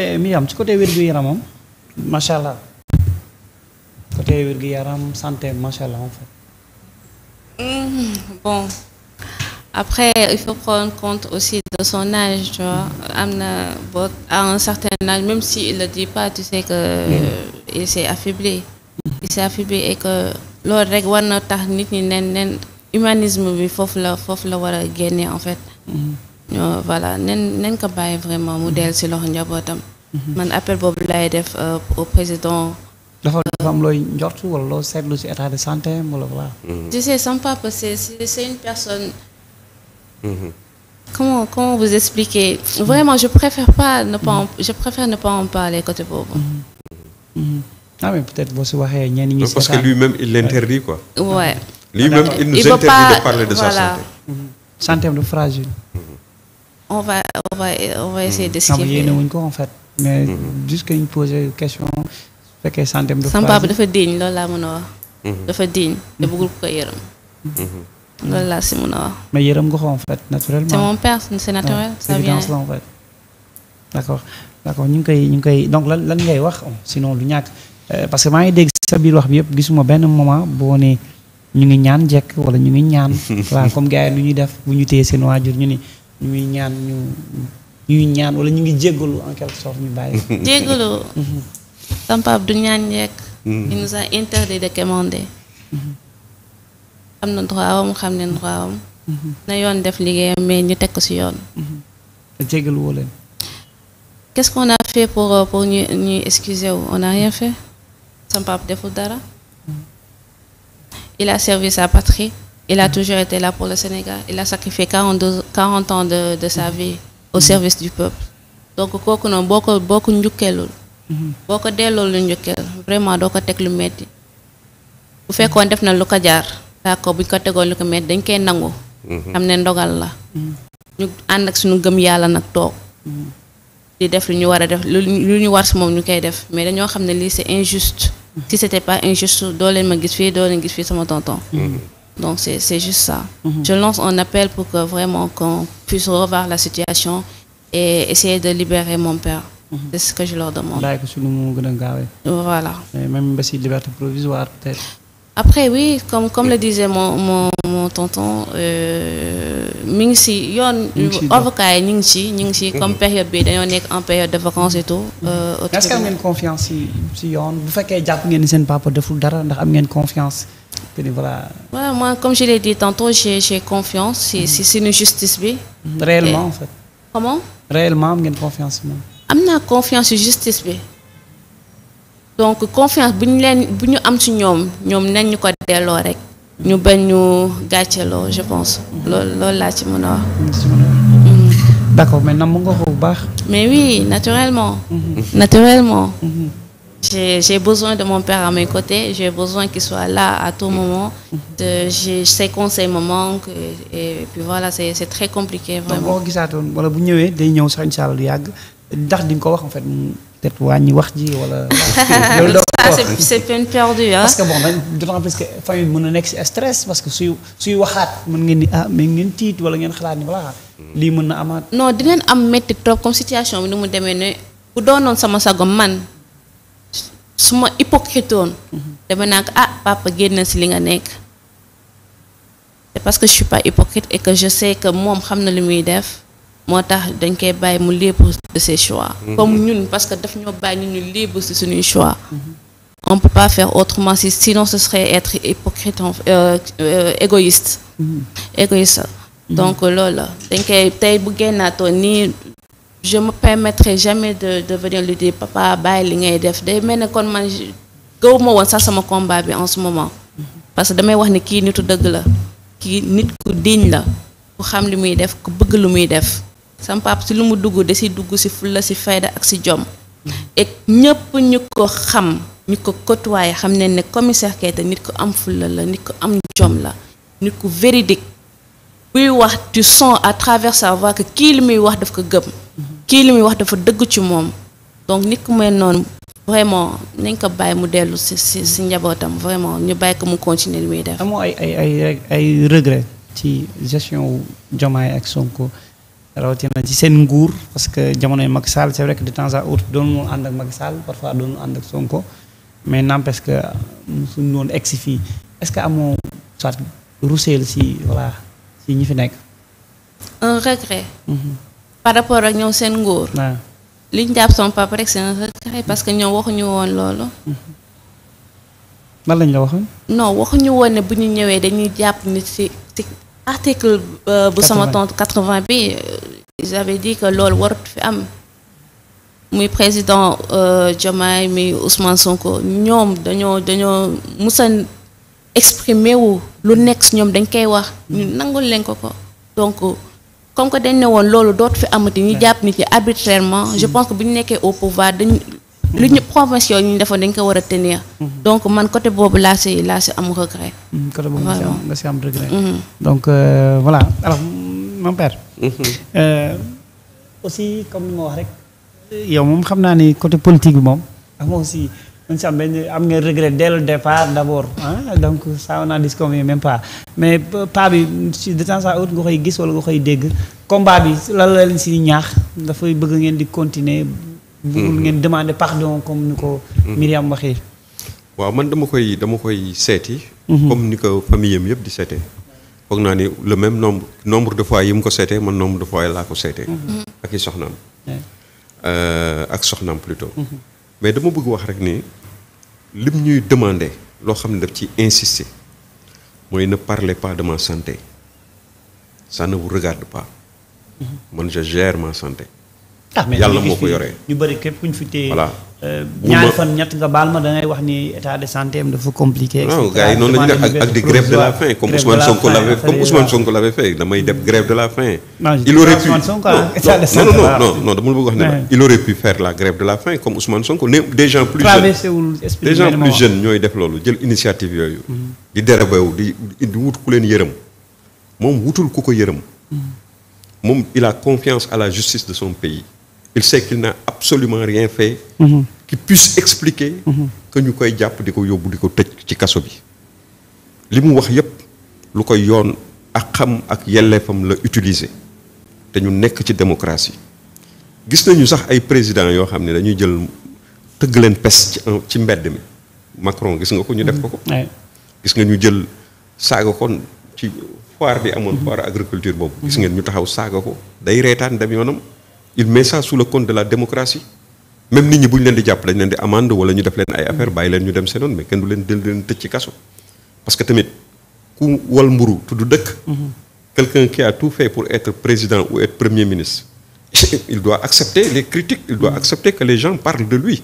Eh, mi ci côté wér-gu-yaramam macha allah côté wér-gu-yaram santé macha allah en fait. Mm-hmm. bon après il faut prendre compte aussi de son âge am na boo à un certain âge même si il le dit pas tu sais que mm-hmm. il s'est affaibli il s'est affaibli et que loolu rek war na tax nit ñi nen nen humanisme bi foofu la foofu la war a génne en fait. Mm-hmm. ñoo euh, voilà nen nen ko bàyyi vraiment mu dellu si loxo njabootam. Mhm. man appel boobu laay def euh, au président. dafa dafa am looy wala loo seetlu si état de santé molo voilà. Mhm. tu sais son papa c'est c'est une personne. Mhm. comment vous expliquer vraiment je préfère pas ne pas en, je préfère parler côté boobu. ah mais peut-être boo si waxee ñenn ñi. parce que lui-même il l'interdit quoi. ouais. lui-même il nous interdit de parler de sa santé. santé am fragile. on va on va on va essayer de. Mm. suivre yéene wuñ ko en fait. mais mm-hmm. juste que ñu posé question su fekkee santé dafa. sama papa dafa diñ loolu laa mën a wax. Mm-hmm. dafa diñ te bëggul ko yërëm. Mm-hmm. loolu laa si mën a wax. mais yërëm nga ko en fait naturellement. c'est mon père c'est naturel. ça vient évidence la en fait. d'accord d'accord ñu ngi koy ñu ngi koy donc lan lan ngay wax sinon lu ñàkk euh, parce que maa ngi dégg sa biir wax bi yëpp gisuma benn moment boo nee ñu ngi ñaan jekk wala ñu ngi ñaan. waaw comme gars yi lu ñuy def bu ñu téye seen waajur ñu ni. ñuy ñaan ñu ñuy ñaan wala ñu ngi jéggalu en quelque sorte ñu bàyyi. jéggalu. sama du ñaan yekk. Mm-hmm. il nous a interdit de commander. Mm-hmm. am na droit am xam ne droit am. Mm-hmm. na yoon def liggéeyam mais ñu teg ko ci yoon. jéggalu woo leen. qu'est-ce qu'on fait pour euh, pour ñu excuser wu on a rien fait. sama deful dara. il a servi sa patrie. Il a toujours été là pour le Sénégal. Il a sacrifié 42, 40 ans de, de sa au service du peuple. donc kooku noonu boo ko boo ko njukkeelul boo ko delloo lu njukkeel vraiment doo ko teg lu metti bu fekkoon def na lu ko jaar d'accord buñ ko tegoon lu ko metti dañ koy nangu xam ne ndogal la ñu ànd ak suñu gëm yàlla nag toog di def lu ñu war a def lu ñu war si moom ñu koy def mais dañoo xam ne lii c'est injuste si c'était pas injuste doo leen ma gis fii doo leen fii sama tonton Donc c'est juste ça. Mm -hmm. Je lance un appel pour que vraiment qu'on puisse revoir la situation et essayer de libérer mon père. Mm-hmm. C'est ce que je leur demande. Voilà. Et même liberté provisoire peut-être. Après oui, comme, le disait mon, mon tonton euh, mi ngi si yoon. avocat yi ñu ngi si ñu ngi si comme mhm. période bi dañoo nekk en période de vacances et tout. Euh, mhm. est si yoon bu fekkee jàpp ngeen ni seen papa deful dara ndax ngeen confiance. voilà. voilà moi comme si mhm. si suñu justice bi. réellement en ngeen confiance am naa confiance si justice bi. ñu am si ñoom ñoom nañ ñu ko delloo rek. ñu bañ ñu gàcceloo je pense loolu loolu laa ci mën a wax. Mm-hmm. d' accord mais nam nga ko bu baax. mais oui naturellement. Mm-hmm. naturellement. Mm-hmm. j'ai j'ai besoin de mon père à mes côtés j'ai besoin qu'il soit là à tout moment. de je ses conseils me et, puis voilà c' est c' est très compliqué. vraiment donc boo gisaatoon wala bu ñëwee day ñëw sax incha allah yàgg ndax di nga ko wax en fait peut-être wàññi wax ji wala. ça ah, c'est peine perdue ah. bon dañ d'autant plus nekk si stress parce que suy suy waxaat mën ngeen ni ah mais ngeen tiit wala ngeen xalaat ni voilà lii mën na amaat. di leen am métti trop comme situation bi ni mu demee ne bu doonoon sama sago man su ma hypocrite woon. Mhm. naa ko ah papa génn si li nga nekk. c'est parce que je suis pas hypocrite et que je sais que moom xam na li def. moo tax dañ koy bàyyi mu libre de ses choix. Mhm. parce que daf ñoo bàyyi ñu libre ci suñuy choix. Mhm. on peut pas faire autrement si sinon loolu la dañ koy tey bu génnaatoon nii je me permettrai de de venir lui li ngay def day mel ne kon man gëw ma woon sax sama combat moment mm-hmm. parce que damay wax ne kii nitu dëgg la ki nit ku diñ la ku xam li muy def ku bëgg lu muy def sama si lu mu dugg da si dugg si fulla si fayda ak si jom mm-hmm. et ñëpp ñu ko xam ñu ko côtoyé xam ne ne commissaire Keita nit ko am fulla la nit ko am jom la nit ku véridique buy wax tu sens à travers sa kii li muy wax daf ko gëm kii li muy wax dafa dëggu ci moom donc nit ku mel noonu vraiment nañ ko bàyyi mu dellu si si si njabootam vraiment ñu bàyyi ko mu continuer li muy def. amoo ay ay ay ay regret ci gestion wu Diomaye ak Sonko rawatina ci seen nguur parce que jamonoy mag Sall c'est vrai que de temps à autre doon mu ànd ak mag Sall parfois doon ànd ak Sonko. mais n'empêche que suñ doon egsi fii est-ce que amoo soit rouseel si voilà si ñi fi nekk un regret mhm. par rapport ak ñoom seen ngóor li jàpp son papa rek c'est regret parce que ñoom waxuñu woon loolu mhm. lan lañ la waxoon non waxuñu woon ne bu ñu ñëwee dañuy jàpp nit si si article euh, bu sama quatre 80 bi euh, j'avais dit que loolu warut fi am muy président euh, Diomaye muy Ousmane Sonko ñoom dañoo dañoo musa exprimer wu lu nekk si ñoom dañ koy wax mm-hmm. ñu nangul leen ko ko donc comme que dañ ne woon loolu dootu fi amati ñu jàpp nit yi arbitrairement je mm-hmm. pense que bu ñu nekkee au pouvoir dañ lu ñu mm-hmm. promesse yooyu ñu defoon dañ ko war a tenir. donc man côté boobu laa si laa si am regret. côté boobu nga donc euh, voilà alors mon père. Euh, aussi comme ni ma wax rek. yow moom xam naa ni côté politique bi moom amoo ah, aussi mun si am benn am nga regret dès le départ d' abord ah donc ça on n'en discute même pas mais pas bi de temps à autre nga koy gis wala nga koy dégg combat bi lan la leen si ñaax dafay bëgg ngeen di continuer. bëggul mhm. ngeen demande pardon comme ni ko. Mhm. Myriam waxee. waaw man dama koy dama koy seeti. Mhm. comme ni ko famille am yëpp di seetee. foog naa ni le même nombre nombre de fois yi mu ko seetee man nombre laa ko seetee. ak i Euh, ak soxnaam plutôt. Mhm. mais dama bëgg wax rek ni lim ñuy demande loo xam ne daf ci insister mooy na parlez pas de ma santé ça ne vous pas. Mhm. man je gère ma santé. Ah, yàlla moo ko yoree. ñu bari képp ku ñu fi téye voilà. Euh, ñaari fan ñett nga baal ma da ngay wax ni état de santé am dafa compliqué. non gars yi noonu la ñuy def ak di grève de la faim comme Ousmane Sonko l'avait comme euh, Ousmane Sonko l'avait fait damay def grève de la faim. il aurait pu non non non non dama la bëgg wax ne il aurait pu faire la grève de la faim comme Ousmane Sonko ne des gens plus jeunes des gens plus jeunes ñooy def loolu jël initiative yooyu. Mm-hmm. di dérabewu di di wut ku leen yërëm moom wutul ku ko yërëm. Mm-hmm. moom il a confiance à la justice de son pays. il sait qu'il n'a absolument rien fait. Mm-hmm. qui puisse expliquer que ñu koy jàpp di ko yóbbu di ko tëj ci kaso bi li mu wax yépp lu koy yoon ak xam ak yelleefam la utiliser te ñu nekk ci démocratie gis nañu sax ay président yoo xam ne dañuy jël tëgg leen pes ci ci mbedd mi Macron gis nga ko ñu def ko ko mm-hmm. gis nga ñu jël saaga ko ci foire bi amoon mm-hmm. foire agriculture boobu gis mm-hmm. ngeen ñu taxaw saaga ko day reetaan dem yoonam il met ça sous le compte de la démocratie même nit ñi bu ñu leen di jàpp dañ leen di amande wala ñu def leen ay affaire bàyyi leen ñu dem seen yoon mais kenn du leen dël leen tëj ci kaso parce que tamit ku wal mburu tudd dëkk quelqu'un qui a tout fait pour être président ou être premier ministre il doit accepter les critiques il doit accepter que les gens parlent de lui